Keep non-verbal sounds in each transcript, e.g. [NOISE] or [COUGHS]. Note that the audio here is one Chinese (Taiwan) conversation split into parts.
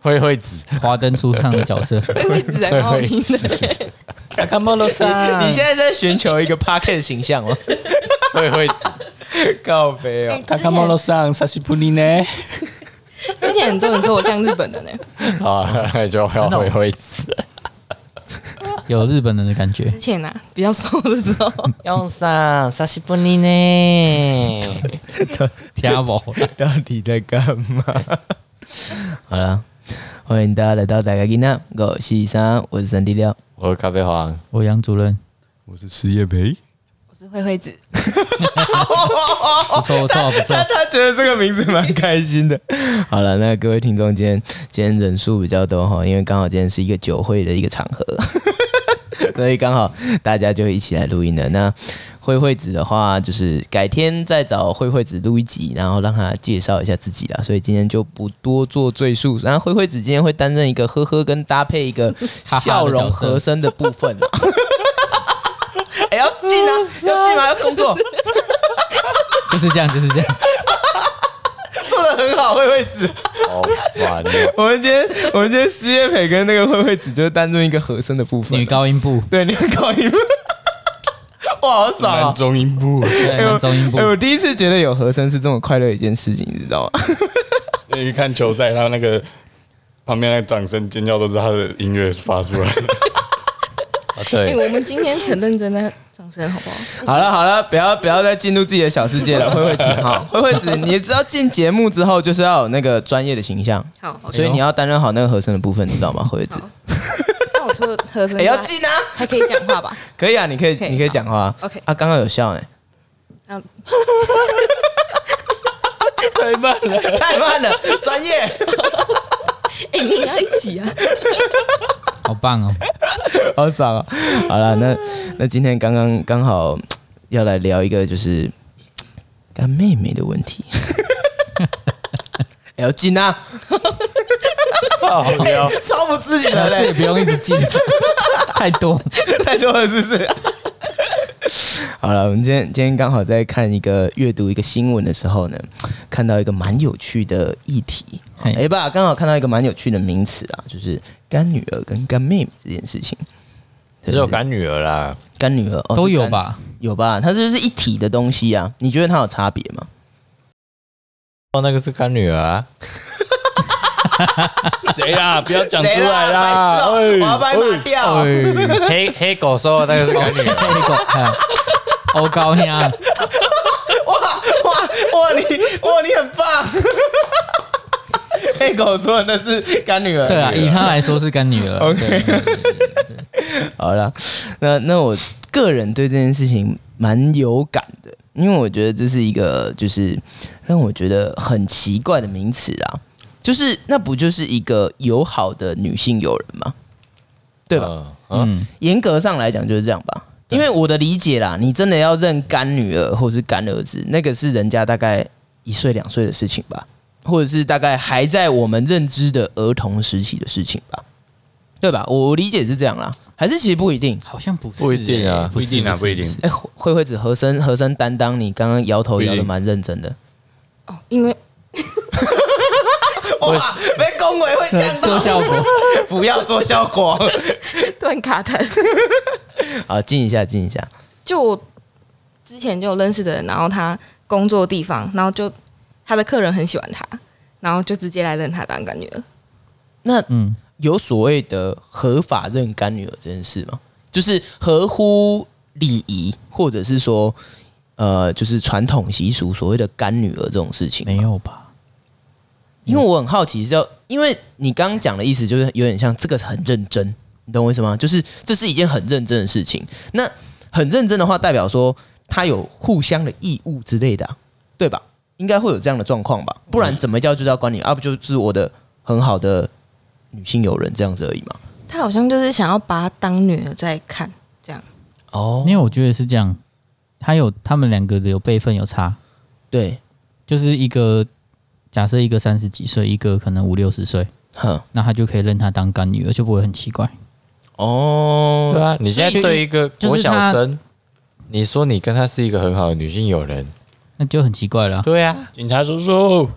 灰灰子，華燈初上的角色。惠惠子在冒名。你現在在尋求一個 Parker 的形象嗎？灰惠子，告別哦。卡、欸、卡莫羅桑，沙希布尼呢？之前很多人說我像日本的呢。啊，那就叫惠惠子，有日本人的感覺。之前、啊、比較瘦的時候。用上沙希布尼呢？天寶，到底在幹嘛？ [LAUGHS] 好了，歡迎大家來到大家543啊！我是三，我是三，我是咖啡黃，我是楊主任，我是石業培，我是慧慧子。 [LAUGHS] [LAUGHS] [LAUGHS] 不錯，錯不錯，不錯。他覺得這個名字蠻開心的。 [LAUGHS] 好了，那各位聽眾，今天今天人數比較多哈、哦，因為剛好今天是一個酒會的一個場合， [LAUGHS] [LAUGHS] 所以剛好大家就一起來錄音了。那惠惠子的話，就是改天再找惠惠子錄一集，然後讓他介紹一下自己啦。所以今天就不多做贅述。然後惠惠子今天會擔任一個呵呵跟搭配一個笑容和聲的部分。哈哈哈哈哈哈！要進呢、啊？要進嗎、啊啊？要工作？就是這樣，就是這樣。做得很好，惠惠子。好、哦、煩。我們今天，我們今天施業培跟那個惠惠子就是擔任一個和聲的部分。女高音部。對，女高音部。哇，好傻啊！中音，中音部，哎、欸欸，我第一次覺得有和聲是這麼快樂一件事情，你知道嗎？因為看球賽，他那個旁邊那個掌聲、尖叫都是他的音樂發出來的。對、 [LAUGHS] 欸。我們今天很認真的掌聲，好不好？好了好了，不要不要再進入自己的小世界了，慧 [LAUGHS] 慧子好，慧慧子，你知道進節目之後就是要有那個專業的形象，好，好所以你要擔任好那個和聲的部分，你知道嗎，慧子？ [LAUGHS] L 要進啊？還可以講話吧，欸啊？可以啊，你可以，okay, 你可以講話。OK 啊，剛剛有笑呢，欸。嗯、 [LAUGHS] 太慢了，太慢了，專 [LAUGHS] 業。哎，欸，你要一起啊？好棒哦，好爽啊，哦！好了，那那今天剛剛剛好要來聊一個就是乾妹妹的問題。L 要進啊？ [LAUGHS] 欸、超不自信的嘞！欸、不用一直記，太 [LAUGHS] 多太多了， [LAUGHS] 多了是不是？好了，我們今天今天剛好在看一個閱讀一個新聞的時候呢，看到一個蠻有趣的議題。哎、欸、爸，剛好看到一個蠻有趣的名詞啊，就是乾女兒跟乾妹妹這件事情。可是有乾女兒啦，乾女兒、哦、都有吧？有吧？它就是一體的東西啊，你覺得它有差別嗎？哦，那個是乾女兒、啊。哈哈哈，誰呀？不要講出來啦！啦白喔欸、我白弄掉、欸欸。黑黑狗說：“那是乾女兒。”黑狗，好高興啊！哇哇哇！你哇你很棒！黑狗說：“那是乾女兒。對”對啊，以他來說是乾女兒。OK，對對對對對，好了，那那我個人對這件事情蠻有感的，因為我覺得這是一個就是讓我覺得很奇怪的名詞啊。就是那不就是一個友好的女性友人嗎？對吧？嗯，嚴格上來講就是這樣吧。因為我的理解啦，你真的要認乾女兒或是乾兒子，那個是人家大概一歲兩歲的事情吧，或者是大概還在我們認知的兒童時期的事情吧，對吧？我理解是這樣啦，還是其實不一定？好像不是，欸不一定啊，不一定啊，不一定啊，不一定。哎，欸，灰灰子和生和生擔當你，你剛剛搖頭搖得蠻認真的哦，oh, 因為。 [LAUGHS] 哇！被恭維會做效果，不要做效果，斷 [LAUGHS] 卡疼探。 [LAUGHS] 好，靜一下，靜一下。就我之前就有認識的人，然後他工作的地方，然後就他的客人很喜歡他，然後就直接來認他當乾女兒。那嗯，有所謂的合法認乾女兒這件事嗎？就是合乎禮儀，或者是說，呃，就是傳統習俗所謂的乾女兒這種事情，沒有吧？因為，因為我很好奇，就因為你剛剛講的意思就是有點像這個很認真，你懂我意思嗎？就是這是一件很認真的事情。那很認真的話，代表說他有互相的義務之類的、啊，對吧？應該會有這樣的狀況吧？不然怎麼叫居家、就是、管理？而、啊、不就是我的很好的女性友人這樣子而已嘛？他好像就是想要把她當女兒在看這樣。哦，因為我覺得是這樣。他有他們兩個的有輩分有差，對，就是一個。假設一個三十幾歲，一個可能五六十歲，哼，那他就可以認她當乾女兒，而就不會很奇怪哦。對啊，你現在這一個我小生、就是，你說你跟她是一個很好的女性友人，那就很奇怪了，啊。對啊，警察叔叔，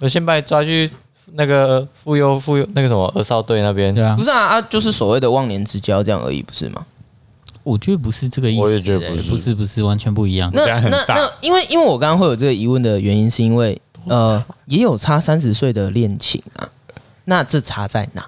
我先把你抓去那個婦幼婦幼那個什麼兒少隊那邊。對啊，不是啊，啊，就是所謂的忘年之交這樣而已，不是嗎？我覺得不是這個意思，我也覺得不是，欸、不是，不是，完全不一樣。那那那，那，因為因為我剛剛會有這個疑問的原因，是因為。呃，也有差三十歲的戀情啊，那這差在哪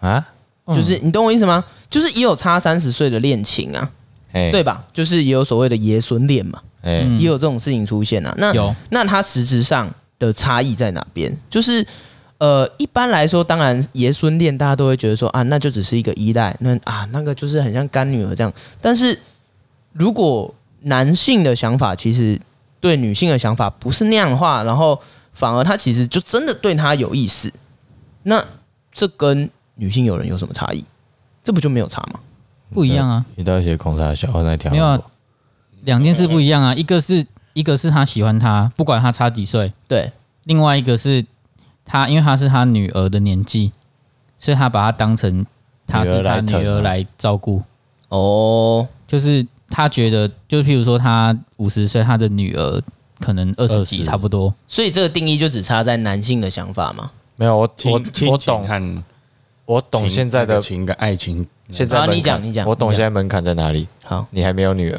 啊，嗯？就是你懂我意思嗎？就是也有差三十歲的戀情啊，對吧？就是也有所謂的爺孫戀嘛，也有這種事情出現啊。嗯，那有那他實質上的差異在哪邊？就是呃，一般來說，當然爺孫戀，大家都會覺得說啊，那就只是一個依賴，那啊，那個就是很像乾女兒這樣。但是如果男性的想法，其實。對女性的想法不是那樣的話，然後反而他其實就真的對她有意思，那這跟女性友人有什麼差異？這不就沒有差嗎？不一樣啊！你到底空小在、沒有啊，兩件事不一樣啊。一個是一個是他喜歡她，不管她差幾歲，對；另外一個是他，因為他是她女兒的年紀，所以他把她當成他是他女兒來照顧。哦，就是。他覺得，就譬如說，他五十歲，他的女兒可能二十幾，差不多。所以這個定義就只差在男性的想法嗎？沒有，我聽，我聽，我懂，我懂現在的情感愛情現在門、你講，你講，我懂現在門檻在哪裡？好，你還沒有女兒，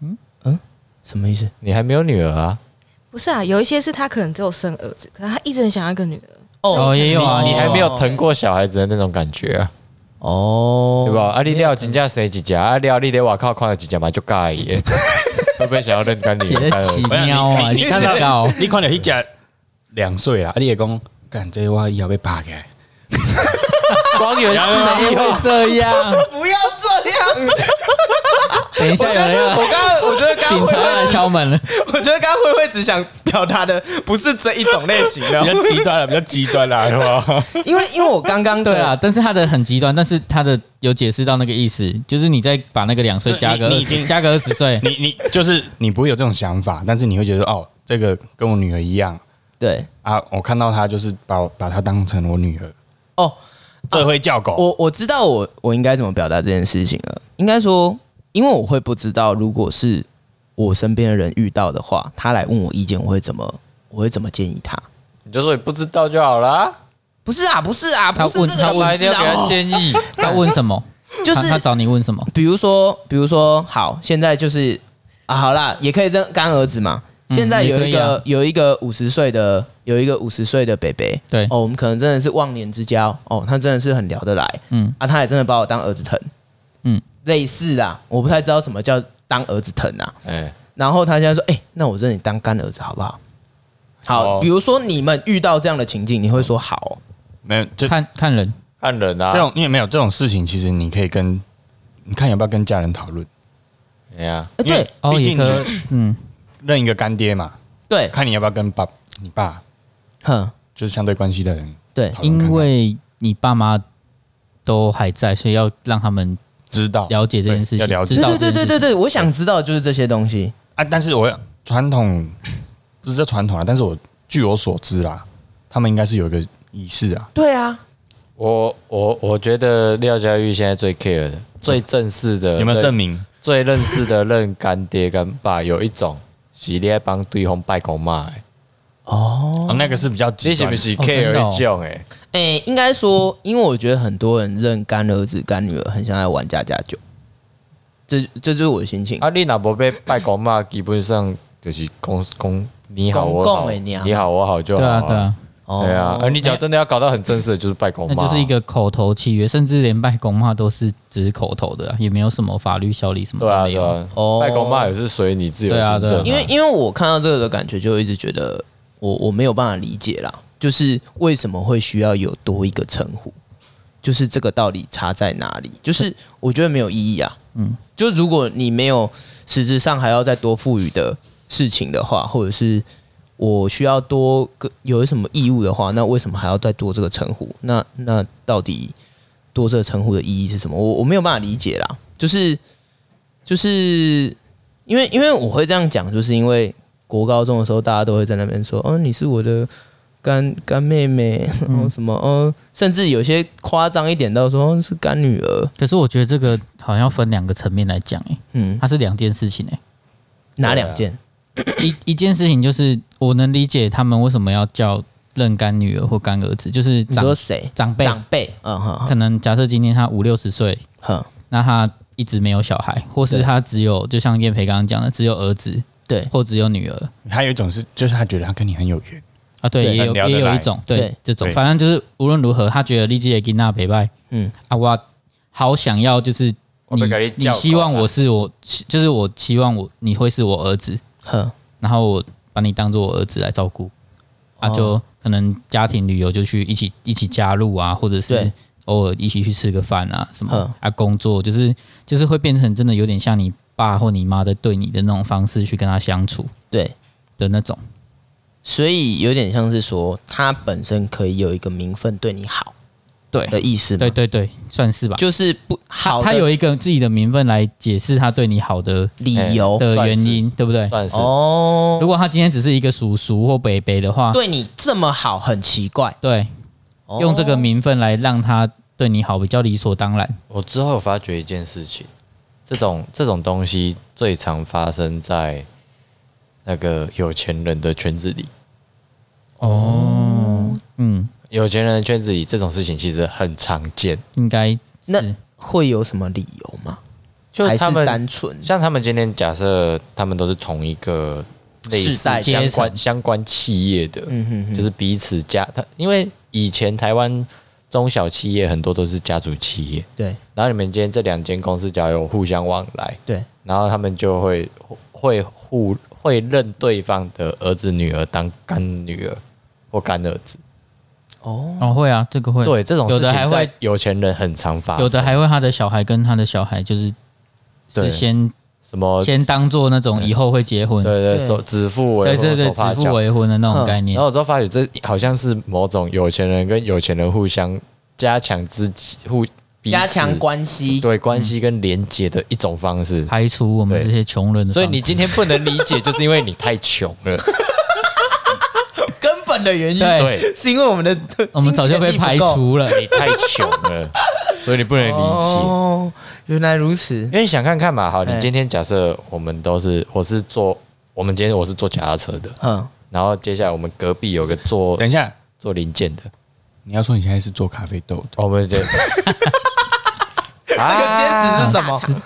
嗯嗯，什麼意思？你還沒有女兒啊？不是啊，有一些是他可能只有生兒子，可是他一直想要一個女兒。哦，也有啊，你還沒有疼過小孩子的那種感覺啊。哦、oh,，對吧？啊，你料真正生一隻啊？了，你在外口看到一隻嘛就改耶， [LAUGHS] 會不會想要認乾爹、 [LAUGHS] 哎、你。寫的奇妙啊！你看到，你看到一隻兩歲了，啊你也講，感覺 [LAUGHS] 這個、我以後被扒開。哈哈哈！哈哈哈！誰會這樣， [LAUGHS] 不要這樣。 [LAUGHS] 要這 [LAUGHS] 等一下，我剛，我覺得剛剛慧慧警察來敲門了。我覺得剛剛灰灰只想表達的不是這一種類型的， [LAUGHS] 比較極端了、啊，比較極端了、啊， [LAUGHS] 是吧？因為因為我剛剛對啊，但是他的很極端，但是他的有解釋到那個意思，就是你在把那個兩歲加個20、嗯、你你已經加個二十歲，你你，你就是你不會有這種想法，但是你會覺得哦，這個跟我女兒一樣，對啊，我看到他就是把我把他當成我女兒哦，這會叫狗。啊、我我知道我我應該怎麼表達這件事情了，應該說。因為我會不知道，如果是我身邊的人遇到的話，他來問我意見，我會怎麼，我會怎麼建議他？你就說你不知道就好啦。不是啊，不是啊，不是啊，他問不是、這個、他來你、啊、一定要給他建議、哦，他問什麼？就 [LAUGHS] 是他，他找你問什麼、就是？比如說，比如說，好，現在就是啊，好啦，也可以認乾兒子嘛。現在有一個、嗯啊、有一個五十歲的有一個五十歲的北北，對，哦，我們可能真的是忘年之交哦，他真的是很聊得來，嗯，啊，他也真的把我當兒子疼，嗯。類似啊，我不太知道什麼叫當兒子疼啊。哎、欸，然後他現在說：“哎、欸，那我認你當乾兒子好不好？”好，哦、比如說你們遇到這樣的情境，你會說好。哦、沒有，就看看人，看人啊。這種因為沒有這種事情，其實你可以跟你看要不要跟家人討論。哎、啊、呀，對，畢、哦、竟嗯，認一個乾爹嘛、嗯。對，看你要不要跟爸、你爸，哼，就是相對關係的人。對，看看因為你爸媽都還在，所以要讓他們。知道了解，這件，了解道這件事情，對對對對對對，我想知道就是這些東西。啊、但是我傳統不是叫傳統啊，但是我據我所知啦、啊，他們應該是有一個儀式啊。對啊，我我我覺得廖家玉現在最 care 的、最正式的、嗯、有沒有證明、最認識的認乾爹跟爸，有一種是你要幫對方拜公媽哦，oh, 那個是比較極端，是 care、oh, 的哦、一種哎。哎、欸，應該說，因為我覺得很多人認乾兒子、乾女兒，很像在玩家家酒。這這就是我的心情。啊麗娜不被拜公媽， [LAUGHS] 基本上就是公公你好，我好，你好我好就好。對啊，對啊，對啊，哦、對啊。而你講真的要搞到很正式的、欸，就是拜公媽，那就是一個口頭契約，甚至連拜公媽都是只是口頭的、啊，也沒有什麼法律效力什麼的。對，啊，對啊、哦、啊，對啊。拜公媽也是隨你自由選擇。因為因為我看到這個的感覺，就一直覺得我我沒有辦法理解啦。就是為什麼會需要有多一個稱呼？就是這個到底差在哪裡？就是我覺得沒有意義啊。嗯，就是如果你沒有實質上還要再多賦予的事情的話，或者是我需要多個有什麼義務的話，那為什麼還要再多這個稱呼？那那到底多這個稱呼的意義是什麼？我我沒有辦法理解啦。就是就是因為因為我會這樣講，就是因為國高中的時候，大家都會在那邊說：“哦，你是我的。”乾乾妹妹，然後什麼、嗯哦、甚至有些誇張一點到說、哦、是乾女兒。可是我覺得這個好像分兩個層面來講、欸、嗯，它是兩件事情、欸、哪兩件？啊、 [COUGHS] 一一件事情就是我能理解他們為什麼要叫認乾女兒或乾兒子，就是長誰長輩長輩，嗯哼、嗯嗯嗯，可能假設今天他五六十歲，哼、嗯，那他一直沒有小孩，或是他只有就像葉培剛剛講的，只有兒子，對，或只有女兒。還有一種是，就是他覺得他跟你很有緣。啊對，對，也有也有一種，對，對這種，反正就是無論如何，他覺得利茲也給那陪伴，嗯，啊，我好想要，就是你、啊，你希望我是我，就是我希望我，你會是我兒子，呵，然後我把你當作我兒子來照顧，啊，就可能家庭旅遊就去一起一起加入啊，或者是偶爾一起去吃個飯啊什麼，啊，工作就是就是會變成真的有點像你爸或你媽的對你的那種方式去跟他相處，對的那種。所以有點像是說，他本身可以有一個名分對你好對，對的意思，對對對，算是吧。就是不好，好。他他有一個自己的名分來解釋他對你好的理由、呃、的原因，對不對？算是哦。如果他今天只是一個叔叔或伯伯的話，對你這麼好，很奇怪。對、哦，用這個名分來讓他對你好，比較理所當然。我之後有發覺一件事情，這種這種東西最常發生在。那個有錢人的圈子裡，哦，嗯，有錢人的圈子裡這種事情其實很常見，應該那會有什麼理由嗎？就是他們單純，像他們今天假設他們都是同一個類似相關相關企業的，就是彼此家，他因為以前台灣中小企業很多都是家族企業，對，然後你們今天這兩間公司只要有互相往來，對，然後他們就會會互。會認對方的兒子、女兒當乾女兒或乾兒子。哦哦，會啊，這個會。對，這種事情在有錢人很常發生有。有的還會他的小孩跟他的小孩，就是是先什麼先當做那種以後會結婚。對對，對，指腹為婚，對對指腹為婚的那種概念。嗯，然後我就發覺這好像是某種有錢人跟有錢人互相加強自己互。加強關係，對關係跟連結的一種方式，嗯，排除我們這些窮人的。所以你今天不能理解，就是因為你太窮了。 [LAUGHS] 根本的原因對，對，是因為我們的我們早就被排除了，你太窮了，所以你不能理解。哦，原來如此。因為你想看看嘛，好，你今天假設我們都是，我是坐，我們今天我是做腳踏車的，嗯，然後接下來我們隔壁有個做，等一下做零件的，你要說你現在是做咖啡豆的，我們，哦 [LAUGHS] 這個兼職是什麼？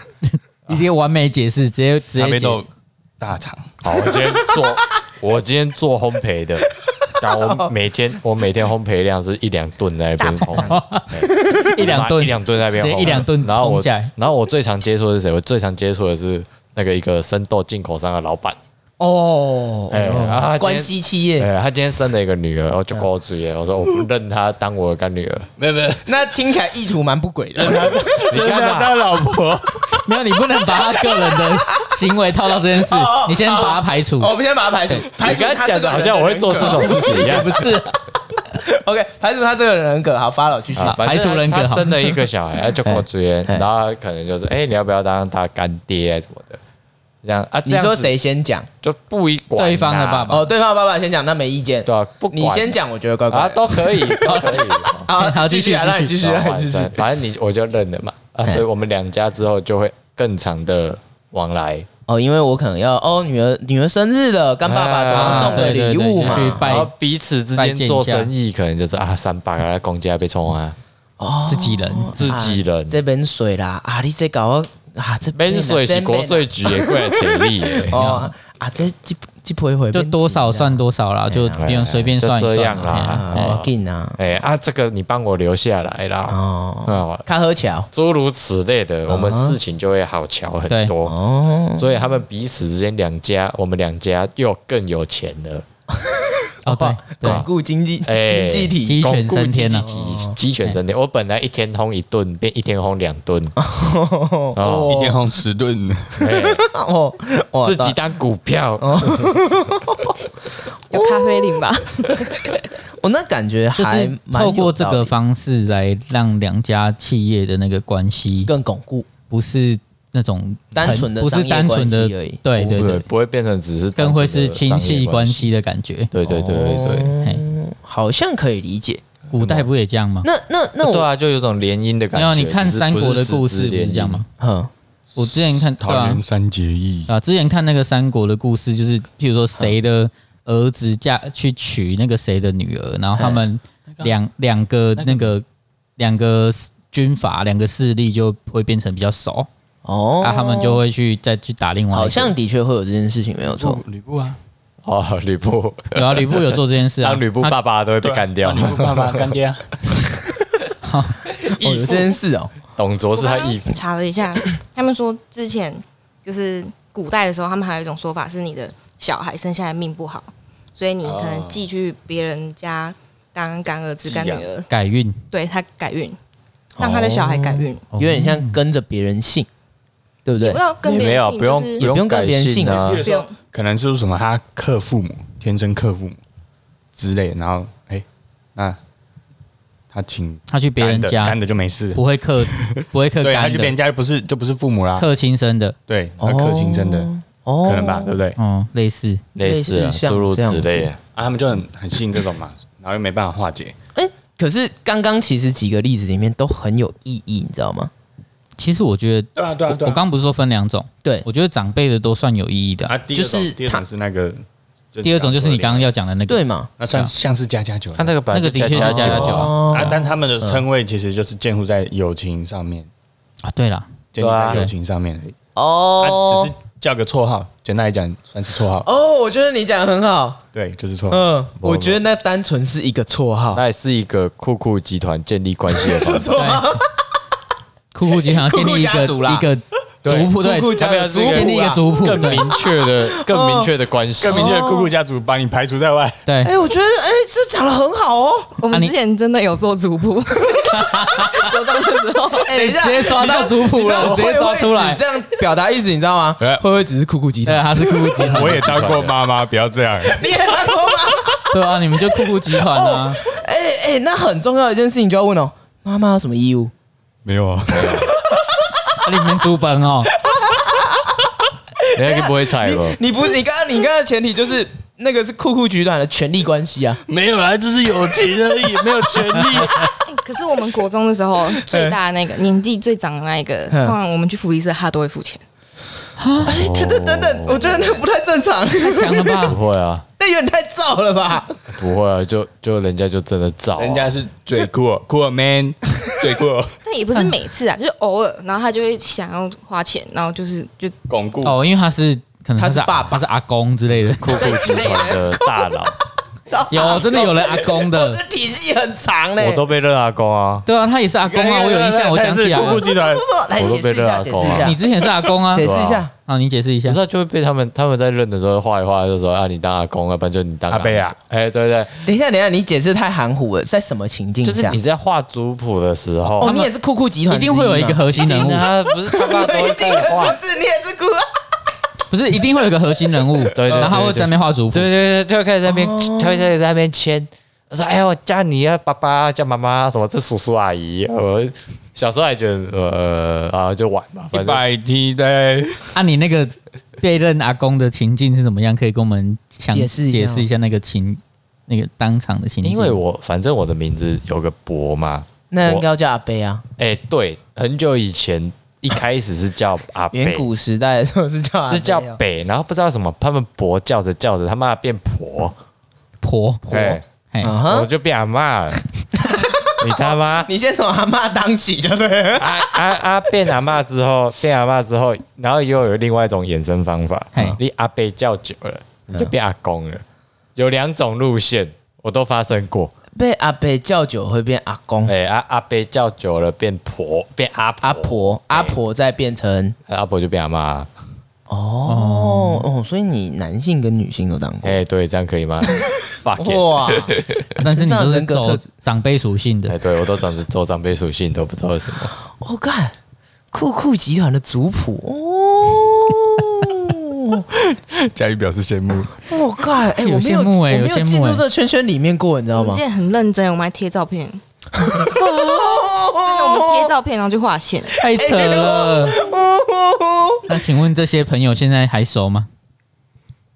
直接完美解釋、啊，直接、啊、直接直接解釋大廠。好，我今天做， [LAUGHS] 我今天做烘焙的。但我每天我每天烘焙量是一兩噸在那邊烘，一兩噸，一兩噸在那邊烘，烘，然後我然後我最常接觸的是誰？我最常接觸的是那個一個生豆進口商的老闆。哦、oh, 欸，哎、喔，然後他關係企業，哎、欸，他今天生了一個女兒，哦、喔，就跟我追，我說我不認他當我的乾女兒，沒有沒有，那聽起來意圖蠻不軌的，認他當老婆， [LAUGHS] 沒有，你不能把他個人的行為套到這件事， [LAUGHS] 喔喔你先把他排除，我們先把他排除，你除他這個人人他好像我會做這種事情一樣， [LAUGHS] 不是、啊、 [LAUGHS] ，OK，排除他這個人格，好，follow，繼續，排除人格，他生了一個小孩， [LAUGHS] 他就跟我追，然後可能就是，哎、欸欸欸，你要不要當他乾爹什麼的？這樣啊這樣？你說誰先講就不一、啊、對方的爸爸哦，對方的爸爸先講，那沒意見。對啊，不啊你先講，我覺得怪怪、啊、都可以，都可以、 [LAUGHS] 哦哦、好，繼續，繼續，繼續啊，那繼續、啊、那你繼續、啊。反正你我就認了嘛， [LAUGHS] 啊、所以我們兩家之後就會更長的往來、哎、哦。因為我可能要哦，女兒女兒生日了，跟爸爸總要送個禮物嘛、哎啊對對對對啊。然後彼此之間做生意，可能就是啊，三八啊，公家被沖啊，哦，自己人，自己人，啊、這邊水啦啊，你這搞。啊，這筆稅是國稅局也貴了錢力耶！ [LAUGHS] 哦啊，這這賠回、 [LAUGHS] 啊、就多少算多少了、啊，就不用隨便算，算，算了、啊、就這樣啦。哎、啊，進、哦哦、啊！哎啊，這個你幫我留下來啦。哦，看合橋，諸如此類的，我們事情就會好巧很多哦。所以他們彼此之間兩家，我們兩家又更有錢了。哦 [LAUGHS] 哦對，對，鞏固經濟經濟體，鞏固經濟體，雞犬升天、哦。我本來一天轟一頓，變一天轟兩頓，一天轟十頓。哦，哦 [LAUGHS] 自己當股票。哦、 [LAUGHS] 有咖啡令吧？我那感覺就是透過這個方式來讓兩家企業的那個關係更鞏固，不是？那種單純的，不是單純的對對對不，不會變成只是，更會是親戚關係的感覺。哦、對對對對對，好像可以理解。古代不也這樣嗎？那那那、哦、對啊，就有一種聯姻的感覺。你、啊、看三國的故事也是這樣嗎？我之前看桃園、啊、三結義啊，之前看那個三國的故事，就是譬如說誰的兒子嫁去娶那個誰的女兒，然後他們兩兩個那個兩、那個、個軍閥兩個勢力就會變成比較熟。哦、oh, 啊，那他們就會去再去打另外一，好像的確會有這件事情，沒有錯。呂布，布啊，哦、oh, 呂布然啊，呂布有做這件事啊，呂 [LAUGHS] 布爸爸都會被幹掉，呂、啊、布爸爸幹掉。哈 [LAUGHS] [LAUGHS] ，oh, 有這件事哦，董卓是他義父。剛剛查了一下，他們說之前就是古代的時候，他們還有一種說法是你的小孩生下來命不好，所以你可能寄去別人家當乾兒子、乾女兒，改運、啊。對他改運，讓、oh, 他的小孩改運，oh, okay. 有點像跟着別人姓。對不對？也不也沒有，不用，不用也不用改姓啊。比如說，可能就是什麼，他克父母，天生克父母之類。然後，哎、欸，那他請他去別人家，乾的就沒事，不會克，不會克。 [LAUGHS] 對，他去別人家就不是就不是父母啦、啊，克親生的，對，克親生的、哦，可能吧，對不對？嗯、哦，類似，類似，諸如此類，這樣類，的類的這樣啊。他們就很很信這種嘛， [LAUGHS] 然後又沒辦法化解。哎、欸，可是剛剛其實幾個例子裡面都很有意義，你知道嗎？其實我覺得，對啊對啊對啊對啊，我剛不是說分兩種？對，我覺得長輩的都算有意義的。啊，第二種、就是，二種就是剛剛那個，第二種就是你剛剛要講的那個對、啊加加，對嘛？那算像是家家酒，他那個本加加那個的確是家家酒啊，但他們的稱謂其實就是建、啊啊、建立在友情上面啊。對、欸、了，建立在友情上面而已哦、啊，只是叫個綽號，簡單來講算是綽號。哦，我覺得你講的很好，對，就是綽號。嗯，我覺得那單純是一個綽號，那也是一個酷酷集團建立關係的方法。 [LAUGHS] 酷酷集團建立一個酷酷一個族譜，對要不要建立一個族譜、啊？更明確的、更明確的關係、哦，哦、更明確的酷酷家族把你排除在外。對，哎，我覺得哎、欸，這講的很好哦。啊、我們之前真的有做族譜、啊， [LAUGHS] 有這樣的時候，欸、直接抓到族譜了，直接抓出來，這樣表達意思，你知道嗎？會，會，會不會只是酷酷集團？他是酷酷集團。我也當過媽媽，不要這樣。你也當過媽？對啊，你們就酷酷集團啊。哎哎，那很重要的一件事情，就要問哦，媽媽有什麼義務？沒有啊，裡面租班哦，人家就不會踩了。你不、哦，你剛剛你剛剛前提就是那個是酷酷舉短的權力關係啊，沒有啊，就是友情而已，但是也沒有權利、欸。可是我們國中的時候，最大那個年紀、欸、最長的那一個，我們去福利社，他都會付錢。啊、欸，等等等等，我覺得那不太正常。強的不破啊！不會啊。有點太燥了吧？不會啊，就就人家就真的燥啊，人家是最酷酷 man，最酷。 [LAUGHS] 但也不是每次啊，就是偶爾，然後他就會想要花錢，然後就是就鞏固哦，因為他是可能他是，他是爸爸是阿公之類的酷酷集團的大佬。 [LAUGHS] 有真的有了阿公的，阿公欸、這體系很長嘞、欸。我都被認阿公啊，對啊，他也是阿公啊，我有印象，是酷酷我想起來了，酷酷集團，我都被認阿公、啊。你之前是阿公啊？解釋一下，啊，你解釋一下。有時候就會被他們，他們在認的時候畫一畫，就說啊，你當阿公，要不然就你當阿伯啊。哎、欸，對對對，等一下，等一下，你解釋太含糊了，在什麼情境下？就是你在畫族譜的時候、哦，你也是酷酷集團、啊，一定會有一個核心人物、啊， [LAUGHS] 他不 [LAUGHS] 你是頭髮都定是，你是不是一定會有個核心人物， [LAUGHS] 對對，對，然後會在那邊畫族譜，對，對對對，就會開始在那邊，就會開始在那邊簽，他說：“哎呦，我叫你啊，爸爸叫媽媽，什麼這叔叔阿姨、啊。”我小時候還覺得呃啊，就玩吧。一百天對啊，你那個被認阿公的情境是怎麼樣？可以跟我們詳細解釋一下那個情，那個當場的情境。因為我反正我的名字有個伯嘛，那應該叫阿伯啊。哎、欸，對，很久以前。一開始是叫阿伯，遠古時代的時候是叫阿伯是叫北，然後不知道什麼，他們伯叫着叫着，他媽變婆婆，婆 hey, uh -huh. 我就變阿媽了。 [LAUGHS] 你他媽！你先從阿媽當起就對了。阿、啊、阿、啊啊、變阿媽之後，變阿媽之後，然後又有另外一種衍生方法， [LAUGHS] 你阿伯叫久了，你就變阿公了。有兩種路線，我都發生過。被阿伯叫久會變阿公，哎阿阿伯叫久了變婆變阿婆阿婆、欸、阿婆再變成、啊、阿婆就變阿媽、啊、哦哦，哦，所以你男性跟女性都當過，哎、欸、對，這樣可以嗎？哇、 [LAUGHS] [LAUGHS] [LAUGHS] [LAUGHS] 啊！但是你都是，不是走是長輩屬性的，哎、欸、對我都長着走長輩屬性都不知道什麼。哦，幹酷酷集團的祖譜哦。佳儀表示羨慕。我靠！哎，我沒有，有羨慕欸、有羨慕我沒有進入這圈圈裡面過，你知道嗎？我很認真，我們還貼照片。 [LAUGHS] 啊、真的，我們貼照片，然後去畫線，太扯了。那、啊、請問這些朋友現在還熟嗎？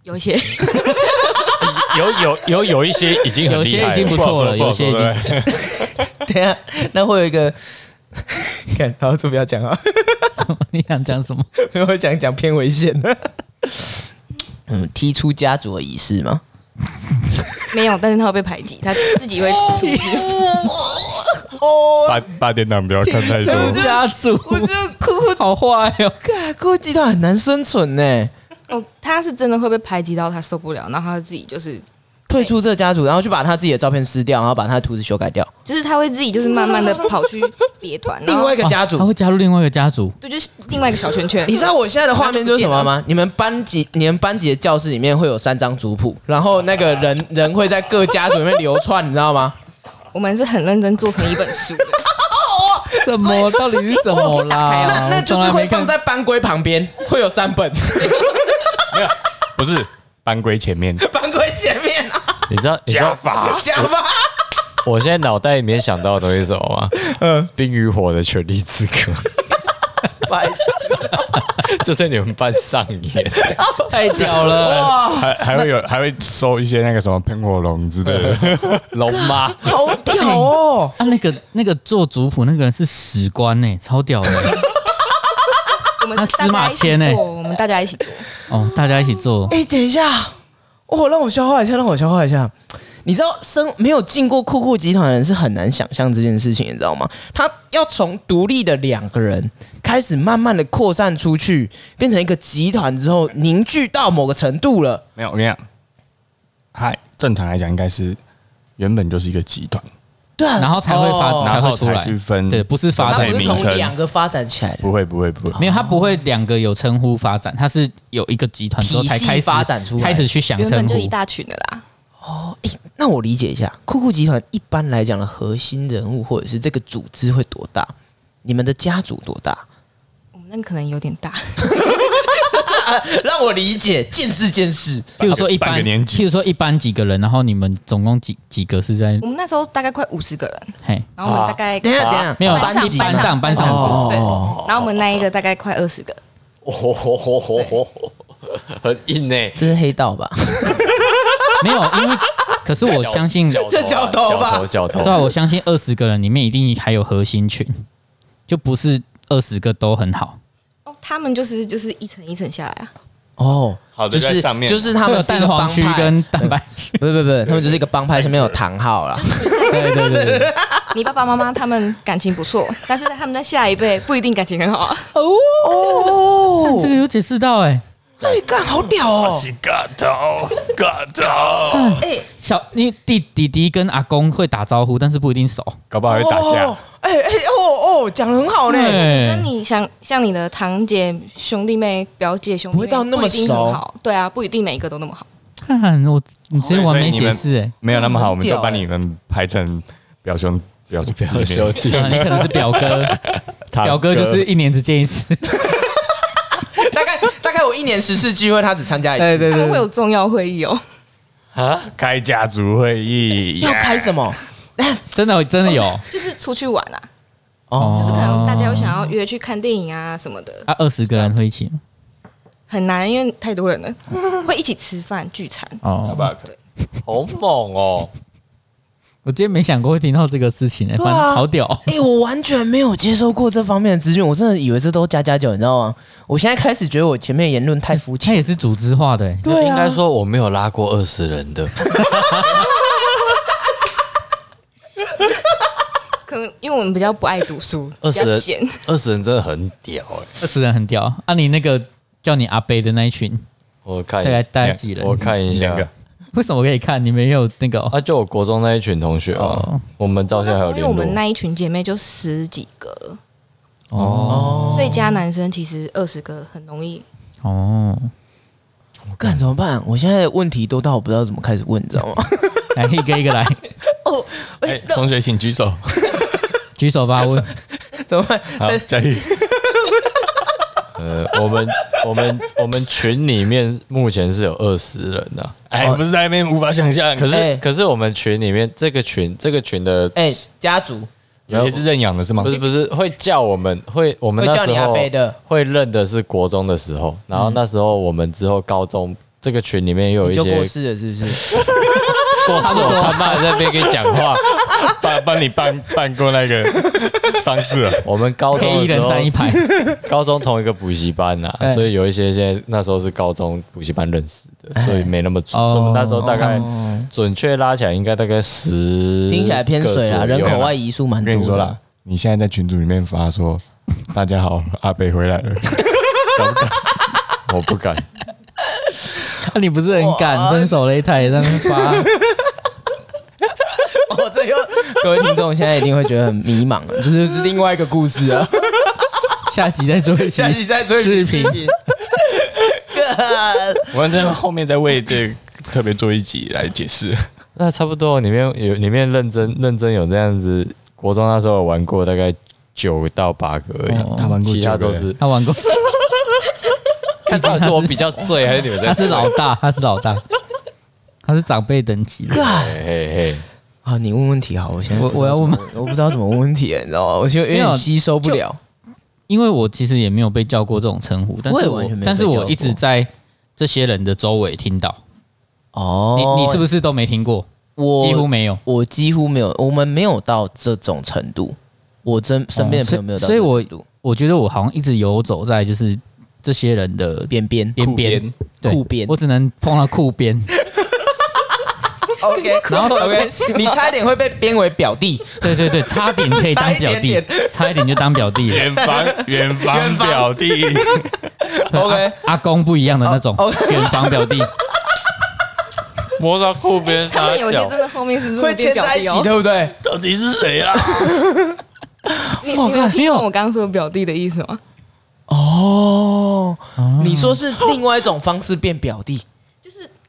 有一些 [LAUGHS] 有，有有有有一些已經很厲害了，有一些已經不錯了，了有些已經。對啊，那會有一個，看，老這不要講啊！ [LAUGHS] 你想講什麼？因為我想講講偏危線的。嗯，踢出家族的儀式嗎？沒有，但是他會被排擠，他自己會出去。哦，八八點檔不要看太多。哦、家族，我覺得酷酷好壞哦，酷酷集團很難生存呢。哦，他是真的會被排擠到他受不了，然後他自己就是。退出這個家族，然後去把他自己的照片撕掉，然後把他的圖紙修改掉。就是他會自己，就是慢慢的跑去別團，另外一個家族，啊，他會加入另外一個家族。對，就是另外一個小圈圈。你知道我現在的畫面就是什麼嗎？你們班級，你們班級的教室裡面會有三張族譜，然後那個人 [LAUGHS] 人會在各家族裡面流竄，你知道嗎？我們是很認真做成一本書的。 [LAUGHS] 什麼？到底是什麼啦？喔、那那就是會放在班規旁邊，會有三本。 [LAUGHS] [LAUGHS] 沒有，不是。班規前面，班規前面啊！你知道加法？加法！我現在腦袋裡面想到的是什麼嗎？嗯，冰與火的權力之歌，呃。白、啊，就在你們班上演，哦、太屌了！還還會有，還會收一些那個什麼噴火龍之類的龍媽，好屌哦！欸啊、那個那個做族譜那個人是史官呢，超屌的。啊、我們、啊司馬遷欸、大家一起做我們大家一起做。哦，大家一起做。哎、欸，等一下，哦，讓我消化一下，讓我消化一下。你知道，生沒有進過酷酷集團的人是很難想象這件事情，你知道嗎？他要從獨立的兩個人開始，慢慢的擴散出去，變成一個集團之後，凝聚到某個程度了。沒有，沒有嗨，Hi, 正常來講應該是原本就是一個集團。對、啊，然後才會發才會出來分，對，不是發展名稱，兩個發展起來的，不會不會不會，沒有他不會兩個有稱呼發展，他是有一個集團之後才開始發展出來，開始去想稱呼，就一大群的啦。哦，哎、欸，那我理解一下，酷酷集團一般來講的核心人物或者是這個組織會多大？你們的家族多大？那可能有點大。 [LAUGHS] 讓我理解，見識見識。比如說一百年，比如說一般幾個人，然後你們總共幾幾個是在？我們那時候大概快五十個人，嘿、啊，然後我們大概……啊、等下等下，沒有班級班上班上對，然後我們那一個大概快二十個，哦哦哦哦，很硬哎、欸，這是黑道吧？ [LAUGHS] 沒有，因為可是我相信，這、那、角、角頭，啊、頭吧角頭、角頭，對我相信二十個人裡面一定還有核心群，就不是二十個都很好。他們就是就是一層一層下來啊。哦、oh, 就是，好的，在上面就是他們蛋黃區跟蛋白區、 [LAUGHS] 嗯，不不是，他們就是一個幫派，下面有堂號啦，就是、 [LAUGHS] 對，對，對，對你爸爸媽媽他們感情不錯，但是他們在下一輩不一定感情很好。哦、oh, 哦、oh, oh, oh, oh. [LAUGHS] 這個有解釋到哎、欸欸喔 [LAUGHS] 欸。你幹好屌哦。干頭，干頭。哎，小你弟弟弟跟阿公會打招呼，但是不一定熟，搞不好會打架。Oh, oh, oh, oh. 哎哎哦哦，講、哦、得很好嘞！那你想像你的堂姐、兄弟妹、表姐、兄弟妹，不會到那麼熟好。對啊，不一定每一個都那麼好。哼、嗯、哼，我你直接我沒解釋、欸，哎，沒有那麼好，我們就把你們排成表兄、表姐、表兄弟。啊、你可能是表哥,哥，表哥就是一年只見一次。 [LAUGHS] 大概大概我一年十次聚會，他只參加一次、欸。對對對，他們會有重要會議哦。啊！開家族會議、欸、要開什麼？真的真的有，真的有、哦，就是出去玩啦、啊，哦，就是可能大家有想要約去看電影啊什麼的。啊，二十個人會一起，很難，因為太多人了，啊、會一起吃飯聚餐。哦，對，好猛哦！我今天沒想過會聽到這個事情哎、欸啊，反正好屌、哦。哎、欸，我完全沒有接受過這方面的資訊，我真的以為這都是家家酒，你知道嗎？我現在開始覺得我前面言論太膚淺、欸。他也是組織化的、欸，對、啊，應該說我沒有拉過二十人的。 [LAUGHS] 因為我們比較不愛讀書，二十,二十人真的很屌哎、欸，二十人很屌。啊，你那個叫你阿伯的那一群，我看一下大概哪幾人、欸？我看一下，為什麼我可以看？你們有那個、哦、啊？就我國中那一群同學啊、哦哦，我們到現在還有聯絡，因為、哦、我們那一群姐妹就十幾個哦、嗯，所以加男生其實二十個很容易哦，哦。我幹怎麼辦？我現在的問題都到我不知道怎麼開始問，你知道嗎？來，一個一個來。 [LAUGHS] 哦，哎、欸，同學請舉手。舉手發問， [LAUGHS] 怎麼？好，嘉 [LAUGHS] 義。呃，我們我們我們群裡面目前是有二十人的、啊，哎、欸，不是在那邊無法想象。可是、欸、可是我們群裡面這個群這個群的哎、欸、家族有些是認養的是嗎？不是不是會叫我們會我們那時候會，會認的是國中的時候，然後那時候我們之後高中這個群裡面也有一些是不是？ [LAUGHS] 他是我他媽那邊給你講話，幫幫你辦 [LAUGHS] 辦過那個喪事我們高中一人站一排，高中同一個補習班吶、啊，所以有一些現在那時候是高中補習班認識的，所以沒那麼準。我那時候大概準確拉起來應該大概十，聽起來偏水啦，人口外移數蠻多的你。你現在在群組裡面發說，大家好，阿北回來了，我不敢，那、 [LAUGHS] 啊、你不是很敢？分手擂台上面發。我這又，各位聽眾現在一定會覺得很迷茫 [LAUGHS] 這是是另外一個故事啊，下集再做一集，下集再做視頻， [LAUGHS] 我們在後面再為這特別做一集來解釋。那差不多，裡面有裡面認真認真有這樣子，國中那時候有玩過大概九到八個，哦他，哦、他玩過，其他都是他玩過。看， [LAUGHS] 他是我比較醉是還是你們？他是老大，他是老大，他是長輩等級的。 [LAUGHS] hey, hey, hey, 啊，你問問題好，我先。我我要問，我不知道怎麼問問題，你知道嗎？我就因為吸收不了，因為我其實也沒有被叫過這種稱呼，但是我，我，但是我一直在這些人的周圍聽到。哦，你你是不是都沒聽過？我幾乎沒有我，我幾乎沒有，我們沒有到這種程度。我真身邊的朋友沒有到這種程度，嗯，所，所以我我覺得我好像一直游走在就是這些人的邊邊，邊邊，酷邊，邊，邊，我只能碰到酷邊。 [LAUGHS] OK，然後 OK，你差一點會被編為表弟，對對對，差點可以當表弟，差一點，點，差一點就當表弟了，遠房遠房表弟 [LAUGHS] ，OK，、啊、阿公不一樣的那種，遠、oh, 房、okay. 表弟，摸到褲邊，後面我覺得真的後面是，是表弟、哦、會牽在一起，對不對？到底是誰啊？ [LAUGHS] 你有。你有，我剛剛說的表弟的意思嗎？哦、oh, oh.，你說是另外一種方式變表弟。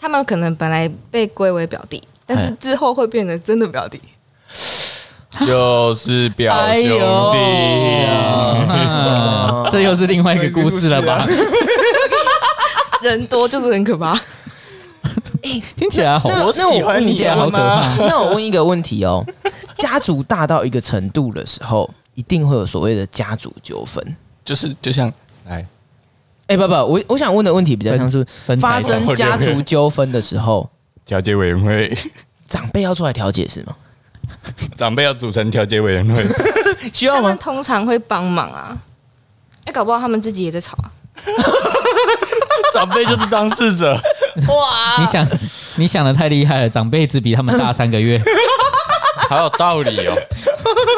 他們可能本來被歸為表弟，但是之後會變成真的表弟，哎，就是表兄弟，哎啊。這又是另外一個故事了吧？了人多就是很可怕。哎、聽起來好，那，個我，喜歡啊，那我問你啊，好可怕。可怕 [LAUGHS] 那我問一個問題哦：家族大到一個程度的時候，一定會有所謂的家族糾紛，就是就像來。哎、欸、不不，我我想問的問題比較像是分發生家族糾紛的時候，調、哦、解委員會長輩要出來調解是嗎？長輩要組成調解委員會，需要們，們通常會幫忙啊。哎、欸，搞不好他們自己也在吵啊。 [LAUGHS] 長輩就是當事者。 [LAUGHS] 哇！你想你想得太厲害了，長輩只比他們大三個月， [LAUGHS] 好有道理哦。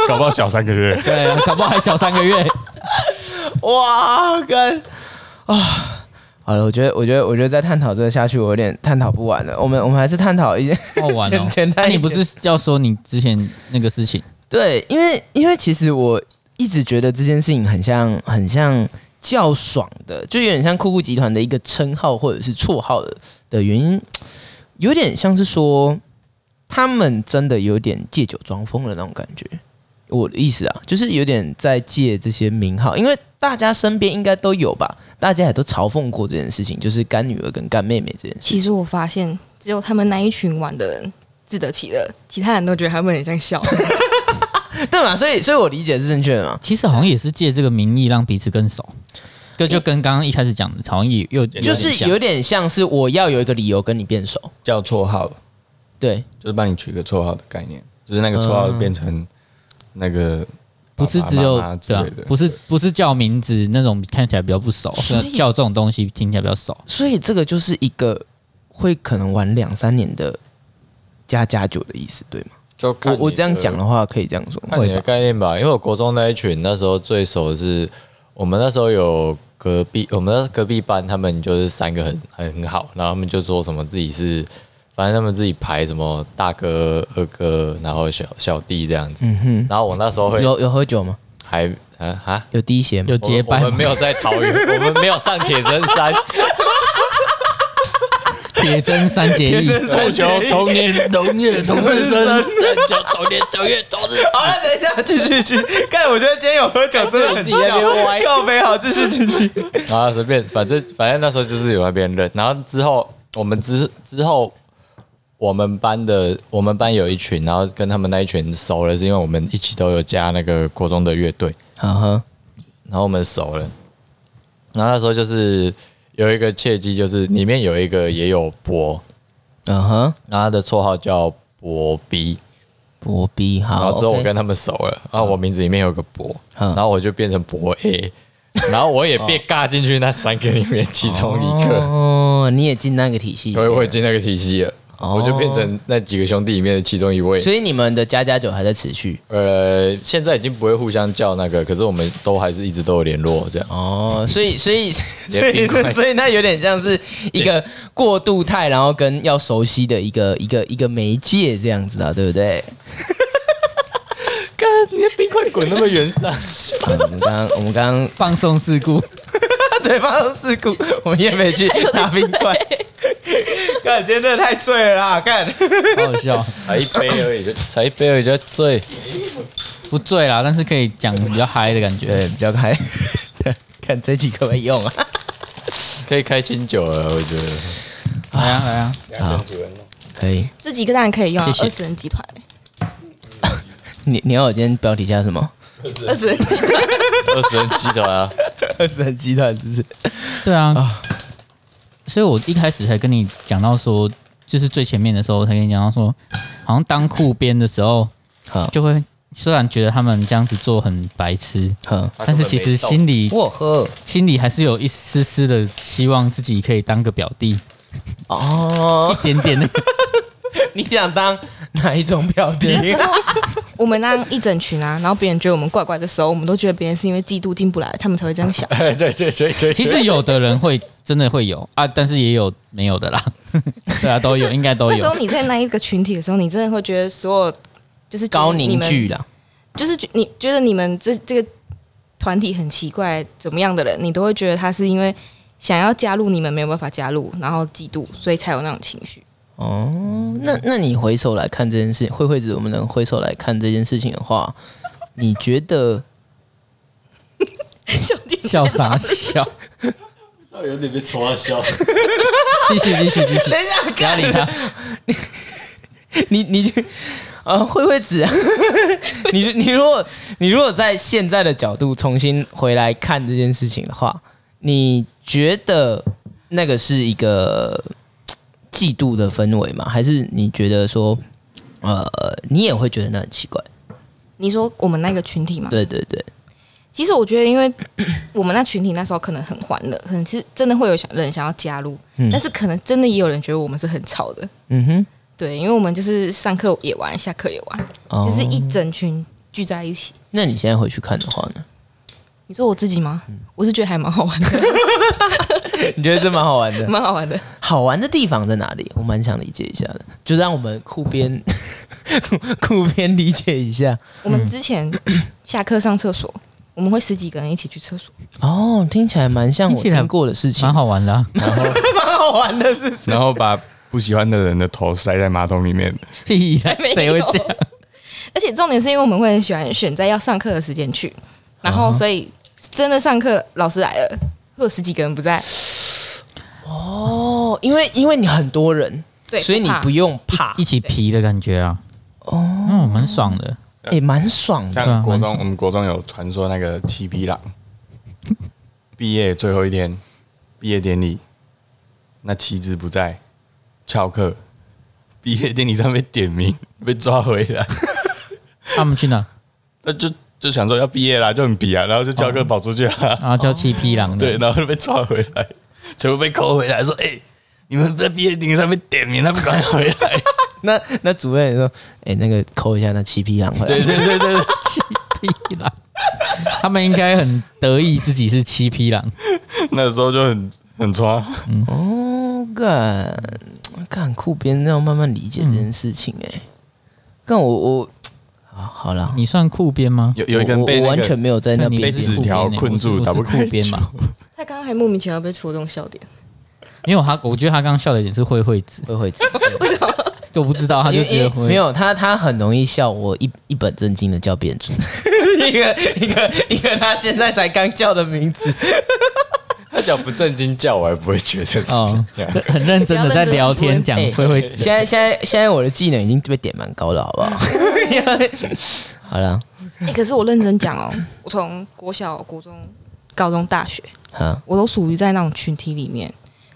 搞不好小三個月，對，搞不好還小三個月。 [LAUGHS] 哇，跟。啊、哦，好了，我覺得，我覺得，我覺得再探討這個下去，我有點探討不完了。我們，我們還是探討一些好玩的、哦、 [LAUGHS] 簡單。啊、你不是要說你之前那個事情？ [LAUGHS] 對，因為，因為其實我一直覺得這件事情很像，很像較爽的，就有點像酷酷集團的一個稱號或者是綽號的的原因，有點像是說他們真的有點借酒裝瘋的那種感覺。我的意思啊，就是有點在借這些名號，因為。大家身邊應該都有吧？大家也都嘲諷過這件事情，就是乾女兒跟乾妹妹這件事情。其實我發現，只有他們那一群玩的人自得其樂，其他人都覺得他們很像小孩笑， [LAUGHS] [LAUGHS] 對吧，所以，所以我理解是正確的嗎？其實好像也是借這個名義讓彼此更熟，就就跟剛剛一開始講的，好、欸、像又就是有點像是我要有一個理由跟你變熟，叫綽號對，對，就是幫你取一個綽號的概念，就是那個綽號變成那個。嗯媽媽媽媽媽不是只有這樣，啊，不是不是叫名字那種，看起來比較不熟，是叫這種東西聽起來比較熟。所以這個就是一個會可能玩兩三年的家家酒的意思，對嗎？就我、啊、我這樣講的話，可以這樣說，看你的概念吧。吧因為我國中那一群那時候最熟的是我們那時候有隔壁，我們的隔壁班他們就是三個很很好，然後他們就說什麼自己是。反正他們自己排什麼大哥二哥，然後小小弟這樣子、嗯哼。然後我那時候會有有喝酒嗎？還有滴血，有結拜。我們沒有在桃園， [LAUGHS] 我們沒有上鐵針山。哈哈哈！哈哈！哈哈！鐵針三結義，不求同年同月同日生，只求同年同月同日。好了、啊，等一下，繼續去。看，我覺得今天有喝酒真的很屌。跳飛好，繼續繼續。啊，隨便，反正反正那時候就是有那邊認。然後之後我們之後之後。我們班的，我們班有一群，然後跟他們那一群熟了，是因為我們一起都有加那個國中的樂隊，嗯哼，然後我們熟了。然後那時候就是有一個契機，就是裡面有一個也有博，嗯哼，然後他的綽號叫博 B，博 B 哈。然後之後我跟他們熟了，啊、okay.，我名字裡面有個博，uh-huh. 然後我就變成博 A，然後我也被尬進去那三個裡面其中一個。哦，你也進那個體系，對，我也進那個體系了。我就變成那幾個兄弟裡面的其中一位，所以你們的家家酒還在持續。呃，現在已經不會互相叫那個，可是我們都還是一直都有聯絡這樣。哦，所所，所以，所以，所以，所以那有點像是一個過渡態，然後跟要熟悉的一個一個一個媒介這樣子啊，對不對？剛你的冰塊滾那麼遠是吧？我們剛，我們剛放鬆事故。對，發生事故，我們也沒去拿冰塊，感覺、欸、真的太醉了啦，看，好好笑，才一杯而已，才一杯而已就醉、欸，不醉啦，但是可以講比較嗨的感覺，比較嗨， [LAUGHS] 看這幾個可，可以用啊， [LAUGHS] 可以開清酒了，我覺得，來啊來啊，好啊好啊，可以，這幾個當然可以用、啊，二十人集團，你你要我今天標題加什麼？二十人集團，二十人集團啊，二十人集團，就是？對啊，所以我一開始才跟你講到說，就是最前面的時候才跟你講到說，好像當酷邊的時候，就會雖然覺得他們這樣子做很白痴，但是其實心裡，呵，心裡還是有一絲絲的希望自己可以當個表弟哦，一點點的。 [LAUGHS] 你想當哪一種表弟？我們那一整群啊，然後別人覺得我們怪怪的時候，我們都覺得別人是因為嫉妒進不來，他們才會這樣想。對對對，所以其實有的人會真的會有啊，但是也有沒有的啦。 [LAUGHS] 對啊，都有，就是、應該都有。那時候你在那一個群體的時候，你真的會覺得所有就是高凝聚了，就是覺你、就是、覺得你們這這個團體很奇怪，怎麼樣的人，你都會覺得他是因為想要加入你們，沒有辦法加入，然後嫉妒，所以才有那種情緒。哦，那那你回首來看這件事，慧慧子，我們能回首來看這件事情的話，你覺得？小弟笑啥笑，笑？我 [LAUGHS] 有點被戳笑。繼 [LAUGHS] 續繼續繼續。等一下，不要理他。你你，你，你、呃、慧慧子啊，慧慧子，你你如果你如果在現在的角度重新回來看這件事情的話，你覺得那個是一個？嫉妒的氛圍嘛，還是你覺得說，呃，你也會覺得那很奇怪？你說我們那個群體嗎？對對對，其實我覺得，因為我們那群體那時候可能很歡樂，可能其實真的會有想人想要加入，嗯，但是可能真的也有人覺得我們是很吵的。嗯哼，對，因為我們就是上課也玩，下課也玩，哦，就是一整群聚在一起。那你現在回去看的話呢？你說我自己嗎？我是覺得還蠻好, [LAUGHS] 好玩的。你覺得這蠻好玩的？蠻好玩的。好玩的地方在哪裡？我蠻想理解一下的。就讓我們酷邊酷邊理解一下。我們之前、嗯、 [COUGHS] 下課上廁所，我們會十幾個人一起去廁所。哦，聽起來蠻像我聽過的事情，蠻好玩的、啊。蠻好玩的事情。然後把不喜歡的人的頭塞在馬桶裡面。誰會這樣？而且重點是因為我們會很喜歡選在要上課的時間去，然後所以。真的上課，老師來了，有十幾個人不在。哦，因為因為你很多人，對，所以你不用怕一,一起皮的感覺啊。哦，蠻、嗯、爽的，也、欸、蠻爽的。像國中，我們國中有傳說那個七匹狼，畢業最後一天，畢業典禮，那七子不在，翹課，畢業典禮上被點名，被抓回來。他 [LAUGHS] 們、啊、去哪？那就。就想說要畢業啦，就很皮啊，然後就叫哥跑出去了、哦，然後叫七匹狼，對，然後就被抓回來，全部被扣回來，說：“哎，你們在畢業典禮上被點名，他不敢回來。 [LAUGHS] ”那那主任也說：“哎，那個扣一下那七匹狼回來。”對對對對，對，七匹狼， [LAUGHS] 他們應該很得意自己是七匹狼。 [LAUGHS] 那時候就很很抓。哦，敢敢酷邊，要慢慢理解這件事情。哎，但我我。好了，你算酷邊嗎？有有一個、那個我，我完全沒有在那邊被紙條困住，是欸、打不酷編嘛？他剛剛還莫名其妙被戳中笑點，因為他我,我覺得他剛剛笑的也是灰灰子，灰灰子，我不知道，就我不知道，他就覺得蕙蕙、欸、沒有他，他很容易笑。我一一本正經的叫編出 [LAUGHS] 一個一個一個他現在才剛叫的名字， [LAUGHS] 他叫不正經叫我還不會覺得怎、哦、很認真的在聊天講灰灰子、欸。現在現在現在我的技能已經被點蠻高了，好不好？ [LAUGHS] 好了、啊，哎、欸，可是我認真講哦，我從國小、國中、高中、大學，我都屬於在那種群體裡面。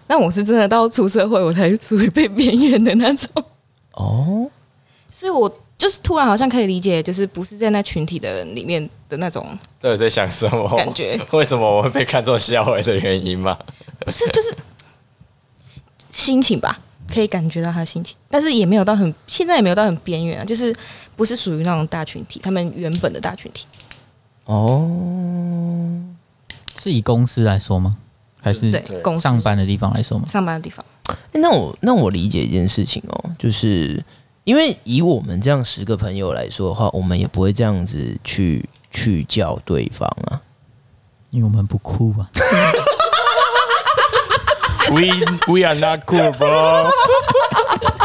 那我是真的到出社會，我才屬於被邊緣的那種。哦，所以，我就是突然好像可以理解，就是不是在那群體的人裡面的那種。都在想什麼感覺？為什麼我會被看作小偉的原因嗎？不是，就是心情吧，可以感覺到他的心情，但是也沒有到很，現在也沒有到很邊緣啊，就是。不是屬於那種大群體，他們原本的大群體。哦，是以公司來說嗎？還是對上班的地方來說嗎？上班的地方。欸，那我那我理解一件事情哦，就是因為以我們這樣十個朋友來說的話，我們也不會這樣子去去叫對方啊，因為我們不酷啊。 [LAUGHS] We we are not cool, bro [LAUGHS]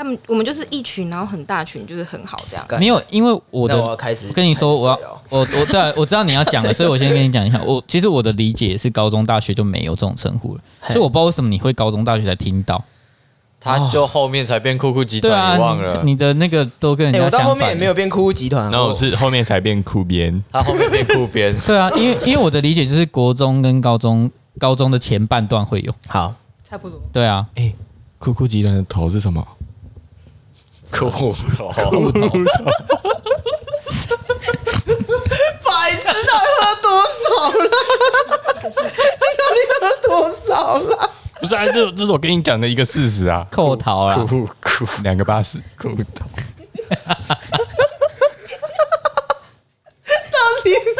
他們我們就是一群，然後很大群，就是很好這樣。沒有，因為我的我要開始我跟你說，我要我我對、啊，我知道你要講了， [LAUGHS] 所以我先跟你講一下。我其實我的理解是高中大學就沒有這種稱呼了，所以我不知道為什麼你會高中大學才聽到，他就後面才變酷酷集團、哦啊，你忘了你的那個都跟人家、欸。我到後面也沒有變酷酷集團，然後是後面才變酷邊， [LAUGHS] 他後面變酷邊。對啊，因為因為我的理解就是國中跟高中高中的前半段會有，好差不多。對啊，誒、欸，酷酷集團的頭是什麼？酷頭，不好，哈哈，他喝多少了？哈，到底喝多少了？不是、啊，這是這是我跟你講的一個事實啊！酷頭啊，扣扣兩個八十，酷頭，到底是什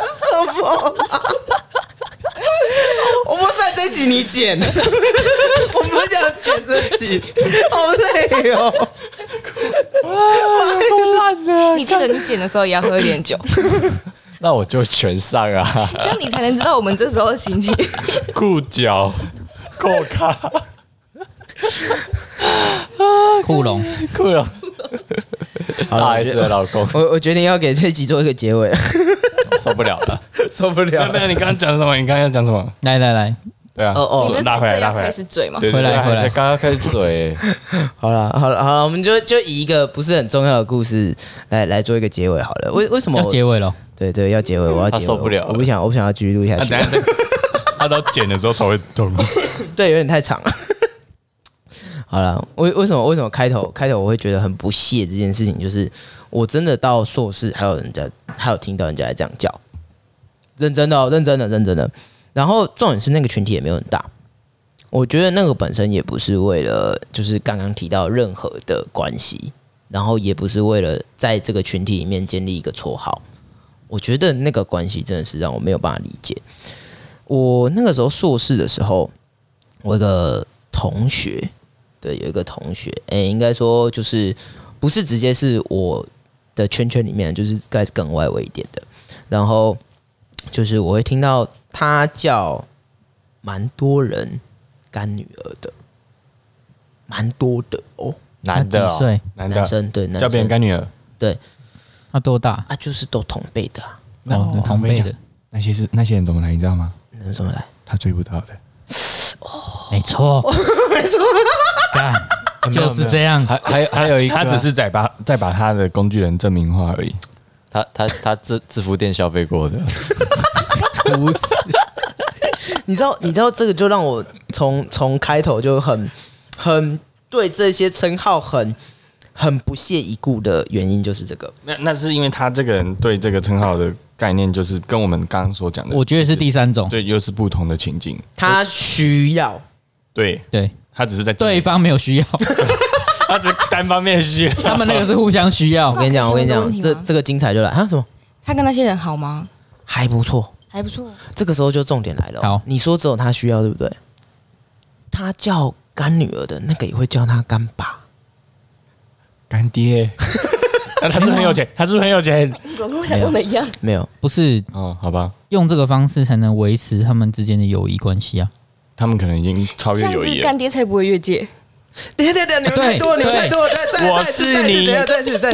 麼、啊？我們上這集你剪，我們想剪這集，好累哦。好啊，這麼爛呢！你記得你剪的時候也要喝一點酒。那我就全上啊，這樣你才能知道我們這時候的心情。褲腳，酷卡，啊，褲籠，褲籠。好的，老公，我我決定要給這集做一個結尾。受不了了，受不了了！對，你剛剛講什麼？你剛剛要講什麼？來來來，對啊，哦哦拉，拉回來，拉回來，開始嘴嘛，回來回來，剛剛開始嘴 [LAUGHS] 好。好了好了好了，我們就就以一個不是很重要的故事來來做一個結尾好了。為為什麼要結尾囉？對，對對，要結尾，我要結尾，嗯、受不了了，我，我不想我不想要繼續錄下去。他都剪的時候才會透露。對，有點太長了。 [LAUGHS] 好了，為為什麼為什麼開頭開頭我會覺得很不屑這件事情，就是。我真的到碩士，還有人家，還有聽到人家來這樣叫，認真的喔，認真的，認真的。然後重點是那個群體也沒有很大，我覺得那個本身也不是為了，就是剛剛提到任何的關係，然後也不是為了在這個群體裡面建立一個綽號。我覺得那個關係真的是讓我沒有辦法理解。我那個時候碩士的時候，我一個同學，對，有一個同學，誒、欸，應該說就是不是直接是我。的圈圈裡面，就是在更外圍一點的。然後就是我會聽到他叫蠻多人乾女兒的，蠻多的哦。男的、哦，幾歲？男的、男生對，男生叫別人乾女兒。對，他多大？他、啊、就是都同輩的啊。那、哦、同輩的那些是那些人怎麼來？你知道嗎？怎麼來？他追不到的。哦，沒錯，沒 [LAUGHS] 錯。就是這樣，還還有還有一個，他，他只是在把在把他的工具人證明化而已。他他他自制服店消費過的，不是？你知道你知道這個就讓我從從開頭就很很對這些稱號很很不屑一顧的原因就是這個。那那是因為他這個人對這個稱號的概念就是跟我們剛剛所講的。我覺得是第三種，對，又是不同的情境。他需要，對對。他只是在對方沒有需要， [LAUGHS] 他只是單方面需要， [LAUGHS] 他們那個是互相需要。 [LAUGHS] 我跟你講，我跟你講，這這個精彩就來啊！什麼？他跟那些人好嗎？還不錯，還不錯、啊。這個時候就重點來了，哦。好，你說只有他需要，對不對？他叫乾女兒的那個也會叫他乾爸、乾爹、 [LAUGHS] 啊。他是很有錢， [LAUGHS] 他是不是很有錢。 [LAUGHS] 是是有錢你怎麼跟我想用的一樣沒？沒有，不是哦。好吧，用這個方式才能維持他們之間的友誼關係啊。他們可能已經超越友誼了。乾爹才不會越界！ [LAUGHS] 別你們太多，你們太多，我是你，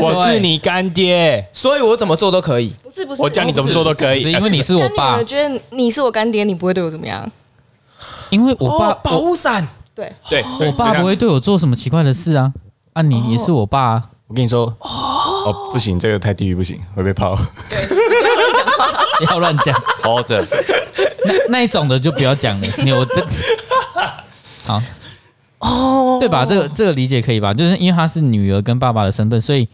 我是你乾爹，所以我怎麼做都可以。不是不是，我教你怎麼做都可以，啊、因為你是我爸。覺得你是我乾爹，你不會對我怎麼樣、啊？因為我爸我、哦、保護傘，對對，我爸不會對我做什麼奇怪的事啊！啊，你也是我爸、啊，哦、我跟你說，哦，哦，不行，這個太地獄，不行，會被泡。不要亂講好 r 那，那一種的就不要講了，牛的。好，哦，對吧？這個這個理解可以吧？就是因為他是女兒跟爸爸的身份，所以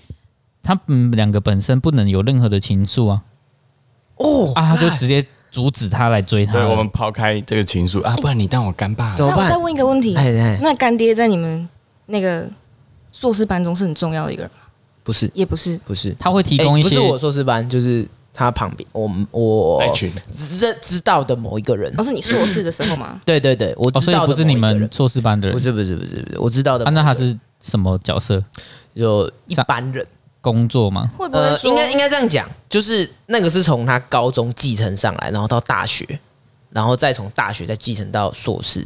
他們兩個本身不能有任何的情愫啊。哦啊，他就直接阻止他來追他。我們拋開這個情愫啊，不然你當我干爸、欸、怎麼辦？我再問一個問題，欸、那乾爹在你們那個碩士班中是很重要的一個人嗎？不是，也不是，不是，他會提供一些。欸、不是我碩士班，就是。他旁邊，我我知知道的某一個人，那、哦、是你碩士的時候嗎？ [COUGHS] 對對對，我知道的。哦、不是你們碩士班的人，不是不是不是，不是，我知道的、啊。那他是什麼角色？就一般人。工作嗎？會不會、呃？應該應該這樣講，就是那個是從他高中繼承上來，然後到大學，然後再從大學再繼承到碩士。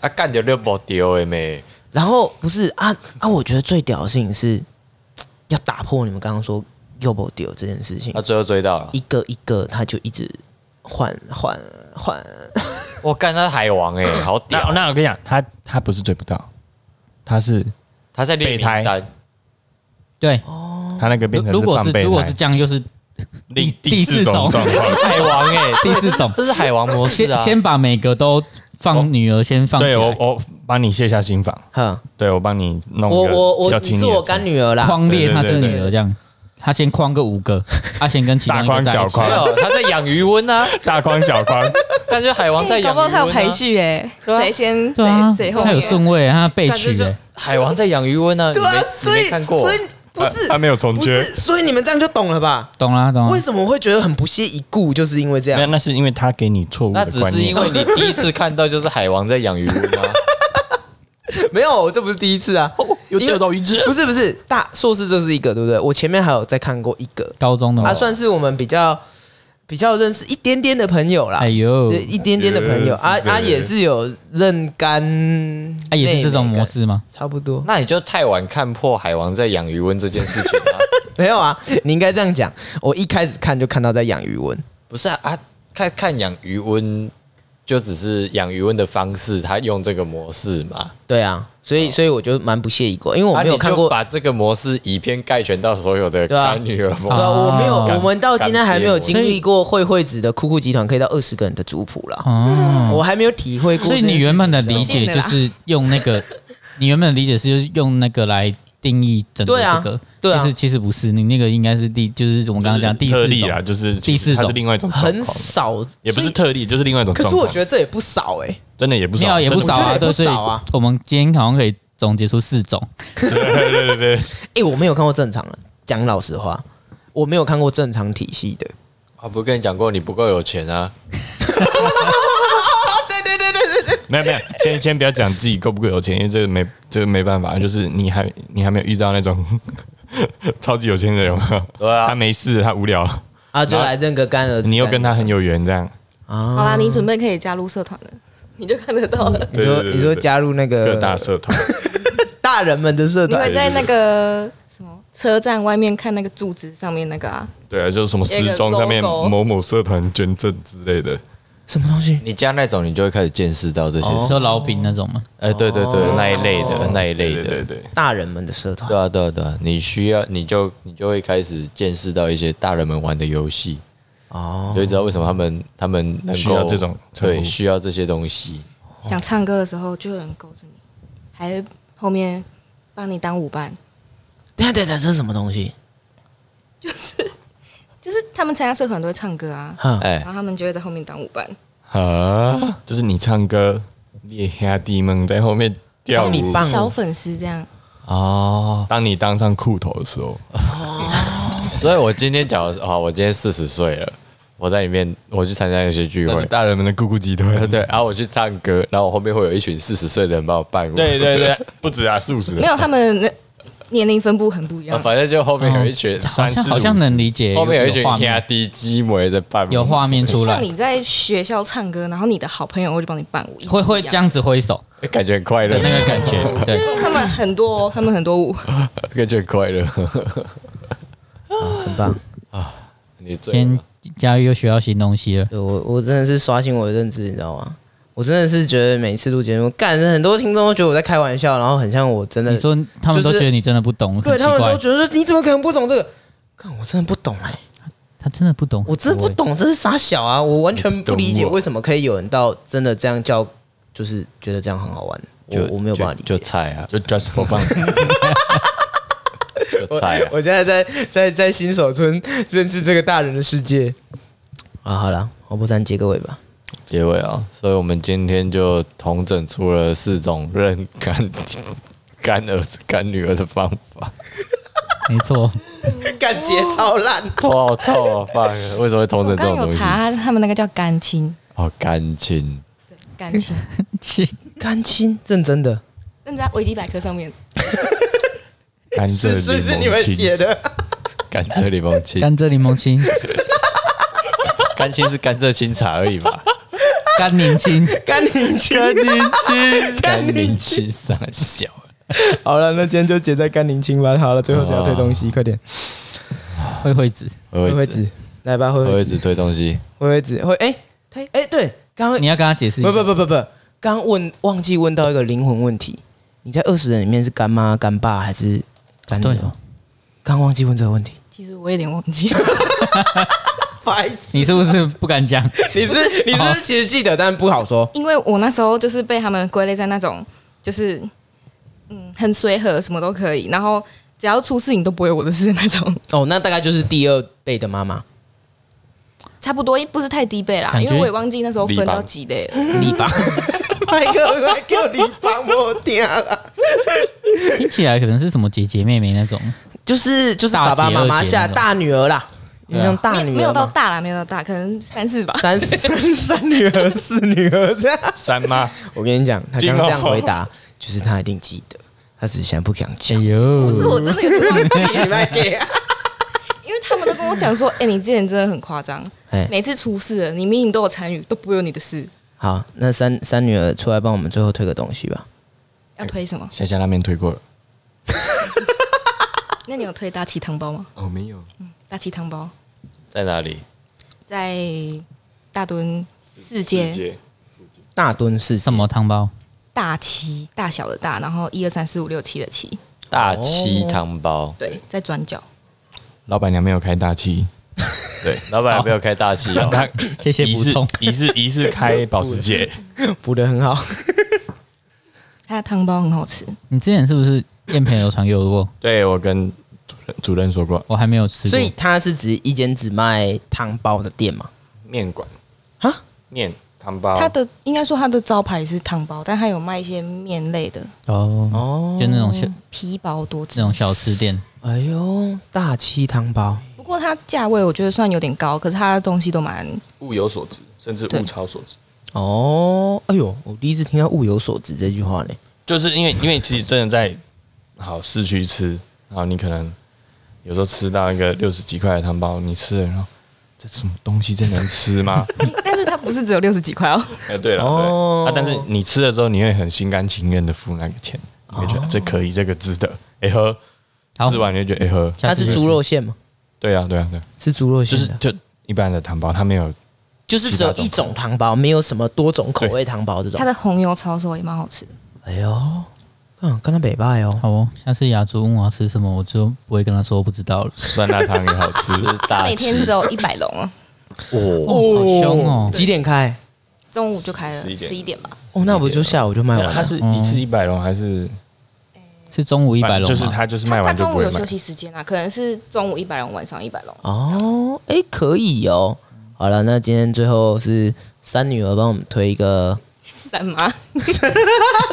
他、啊、幹掉六百屌的妹。然後不是啊啊！我覺得最屌的事情是要打破你們剛剛說。又不丟這件事情，他最後追到了一個一個，他就一直換換換。我幹，他是海王哎、欸，好屌 [COUGHS] 那！那我跟你講，他他不是追不到，他是他在備胎。對，他那個變成對，哦。他那個變成如果是如果是這樣，就是第第四種海王哎，第四種，第四種，種、， [LAUGHS] 欸第四種，這是海王模式、啊、先，先把每個都放女兒先放。對，我我幫你卸下心房。嗯，對，我幫你弄一。我我我，你是我乾女兒啦。荒烈，他是女兒這樣。對對對對他先框個五個，他、啊、先跟其他大框小框，他在養魚塭啊。大框小框，感覺海王在養魚，啊、他有排序哎，誰、啊、先誰誰後，他有順位，他備取哎、嗯。海王在養魚塭呢、啊，對啊，所以你沒你沒看過所以不是、啊、他沒有正取，所以你們這樣就懂了吧？懂了、啊、懂了、啊。為什麼會覺得很不屑一顧？就是因為這樣，沒有，那是因為他給你錯誤，那只是因為你第一次看到就是海王在養魚塭嗎、啊？ [LAUGHS] [LAUGHS] 沒有，這不是第一次啊。又釣到一隻，不是不是，大碩士這是一個，對不對？我前面還有再看過一個高中的、哦，啊，算是我們比較比較認識一點點的朋友啦，哎呦，一點點的朋友，嗯、啊是是啊，也是有認乾，啊，也是這種模式嗎？差不多，那你就太晚看破海王在養魚溫這件事情嗎？ [LAUGHS] 沒有啊，你應該這樣講，我一開始看就看到在養魚溫，不是啊啊，看看養魚溫就只是養魚溫的方式，他用這個模式嘛。對啊。所以，所以我就蠻不屑一顧，因為我沒有看過。啊、把這個模式以偏概全到所有的乾女兒模式，啊啊、我沒有，我們到今天還沒有經歷過慧慧子的酷酷集團可以到二十個人的祖譜了。我還沒有體會過這、嗯。所以你原本的理解就是用那個，你原本的理解是就是用那個來定義整個這個，對啊，對啊，其實其實不是你那個應該是第，就是我們剛剛講特例啊，就是第四種，就是、是另外一種很少，也不是特例，就是另外一種。可是我覺得這也不少哎、欸，真的也不少，也不少啊，都、啊啊、對，我們今天好像可以總結出四種，對對對、對。哎、 [LAUGHS] 欸，我沒有看過正常的，講老實話，我沒有看過正常體系的。我不跟你講過，你不夠有錢啊。 [LAUGHS] [LAUGHS] 沒有沒有，先先不要講自己夠不夠有錢，因為這個沒這個沒辦法，就是你還你還沒有遇到那種 [LAUGHS] 超級有錢的人有有、啊，他沒事，他無聊啊，就來認個乾兒子，你又跟他很有緣，這樣啊、那個，好啦、啊，你準備可以加入社團了，你就看得到了，嗯、你就你就加入那個各大社團， [LAUGHS] 大人們的社團， [LAUGHS] 你會在那個什麼車站外面看那個柱子上面那個啊，對啊，就是什麼時鐘上面某某社團捐贈之類的。什麼東西？你加那種，你就會開始見識到這些、哦，說老兵那種嗎？哎、呃，對對對，哦、那一類的、嗯，那一類的，對對，對，對，對，大人們的社團對、啊。對啊，對啊，對啊，你需要，你就你就會開始見識到一些大人們玩的遊戲哦，所以知道為什麼他們他們能夠需要這種，對，需要這些東西。想唱歌的時候，就有人勾着你，還後面幫你當舞伴。對啊，對啊，這是什麼東西？就是。就是他們參加社團都會唱歌啊、嗯，然後他們就會在後面當舞伴。啊，就是你唱歌，你的下弟們在後面跳舞，就是、你棒舞小粉絲這樣。哦，當你當上酷頭的時候、哦。所以我今天講的是，我今天四十歲了，我在裡面，我去參加一些聚會，是大人們的酷酷集團。對，對，對，然後我去唱歌，然後我後面會有一群四十歲的人幫我伴舞。對對對， [LAUGHS] 不止啊，四五十。沒有他們那。年齡分布很不一樣、啊，反正就後面有一群、哦、好，好像能理解，有沒有畫面？後面有一群 P R D 基模在伴舞，有畫面出來，就像你在學校唱歌，然後你的好朋友就幫你伴舞，會會這樣子揮手、嗯，感覺很快樂那個感覺，對， [LAUGHS] 他們很多、哦，他們很多舞，感覺很快樂， [LAUGHS] 很棒啊，你最今天佳玉又學到新東西了，我我真的是刷新我的認知，你知道嗎？我真的是覺得每次錄節目，幹，很多聽眾都覺得我在開玩笑，然後很像我真的。你說他們、就是、他們都覺得你真的不懂，對，他們都覺得你怎麼可能不懂這個？看，我真的不懂哎、欸，他真的不懂，我真的不懂，這是傻小啊！我完全不理解為什麼可以有人到真的這樣叫，就是覺得這樣很好玩，就我我沒有辦法理解，就猜啊， [LAUGHS] 就 just for fun，就猜啊我，我現在在在在新手村認識這個大人的世界啊，好了，我不然結個尾吧。結尾啊、哦，所以我們今天就統整出了四種認乾乾兒子、乾女兒的方法沒錯的、哦。沒、哦、錯，感覺超爛，好、哦、痛啊、哦！為什麼會統整這種東西？我剛有查，他們那個叫乾親，哦，乾親，乾親親，乾親，認真的，認真的，認在維基百科上面是。甘蔗檸檬青，甘蔗檸檬青，甘蔗檸檬青，干青是甘蔗青茶而已吧干寧青，干寧，干寧青，甘寧青上小。好了，那今天就結在甘寧青吧。好了，最後誰要推東西？哦、快點，惠惠子，惠惠子，來吧，惠惠子推東西，惠惠子，惠哎、欸，推哎、欸，對，剛剛你要跟他解釋一下，不不不不不，剛問忘記問到一個靈魂問題，你在二十人裡面是乾媽、乾爸還是乾娘？剛、哦哦、忘記問這個問題，其實我有點忘記了。 [LAUGHS] 不好意思啊、你是不是不敢講？ [LAUGHS] 你是,、哦、你,是你是其實記得，但不好說。因為我那時候就是被他們歸類在那種，就是嗯，很隨和，什麼都可以，然後只要出事，你都不會有我的事那種。哦，那大概就是第二輩的媽媽，差不多也不是太低輩啦，因為我也忘記那時候分到幾輩了。籬笆，麥 [LAUGHS] [LAUGHS] 我掉聽, [LAUGHS] 聽起來可能是什麼姐姐妹妹那種，就是就是爸爸媽媽下大女兒啦。有沒有，yeah, 沒，有沒有到大了，沒有到大，可能三四吧。三四、三女兒，四女兒， [LAUGHS] 三媽。我跟你講，他剛剛這樣回答，就是他一定記得，他只是現在不想講，哎。不是，我真的有點忘記。因為他們都跟我講說，哎、欸，你之前真的很誇張，哎，每次出事你明明都有參與，都不有你的事。好，那三三女兒出來幫我們最後推個東西吧。欸，要推什麼？在家那邊推過了。 [LAUGHS] 那你有推大氣湯包嗎？哦，沒有。嗯大七湯包在哪裡？在大墩四,四,四,四街。大墩是什麼湯包？大七，大小的大，然後一二三四五六七的七。大七湯包。對，在轉角。老闆娘沒有開大七，對，老闆娘沒有開大七、喔。啊。 [LAUGHS] 謝謝補充。一 [LAUGHS] 是，一是開保時捷。補得很好。 [LAUGHS] 他的湯包很好吃。你之前是不是驗朋友傳給我過？對我跟。主任說過，我還沒有吃。所以他是指一間只賣湯包的店嗎？麵館？啊？麵湯包？它的應該說它的招牌是湯包，但它有賣一些麵類的。哦哦，就那種小、嗯、皮薄多汁那種小吃店。哎呦，大七湯包。不過它價位我覺得算有點高，可是它的東西都蠻物有所值，甚至物超所值。哦，哎呦，我第一次聽到“物有所值”這句話呢，就是因為因為其實真的在好市區吃，然後你可能。有時候吃到一個六十幾塊的湯包，你吃了然後，這什麼東西這能吃嗎？ [LAUGHS] [LAUGHS] 但是它不是只有六十幾塊哦。哎，對了，oh. 對、啊，但是你吃的時候，你會很心甘情願的付那個錢，你會覺得、oh. 啊、這可以，這個值得。哎、欸、喝吃完你就覺得哎、欸、喝它是豬肉餡嗎、就是對啊？對啊，對啊，對，是豬肉餡、就是就一般的湯包，它沒有，就是只有一種湯包，沒有什麼多種口味湯包這種。它的紅油抄手也蠻好吃的。哎呦。嗯，跟他北霸哦，好哦。下次亞珠問我要吃什麼，我就不會跟他說我不知道了。酸辣湯也好吃， [LAUGHS] 是大吃每天只有一百籠哦。哦，好凶哦。幾點開？中午就開了，十一點，點，點吧。哦，那不就下午就賣完了，嗯？他是一次一百籠，還是？欸、是中午一百籠，就是他就是賣完就不賣。他，他中午有休息時間啊，可能是中午一百籠，晚上一百籠哦。哎、欸，可以哦。好了，那今天最後是三女兒幫我們推一個三媽，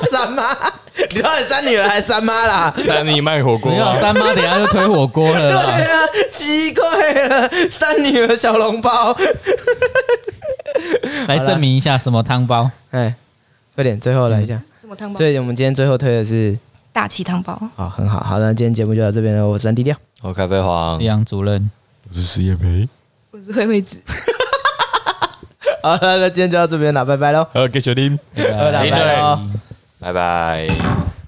三媽。 [LAUGHS] 三你到底三女兒還是三媽啦？三你賣火鍋，啊，你要三媽，等下就推火鍋了。 [LAUGHS] 對啊，奇怪了，三女兒小籠包。 [LAUGHS] 來證明一下什麼湯包？哎，快點，最後來一下什麼湯包？所以我們今天最後推的是大氣湯包。好，很好，好了，那今天節目就到這邊了。我是低調，我咖啡黃，我是楊主任，我是石葉梅，我是灰灰子。 [LAUGHS] 好了，那今天就到這邊了，拜拜嘍。好，給小林，林主任。拜拜，嘿嘿嘿嘿，拜拜拜拜。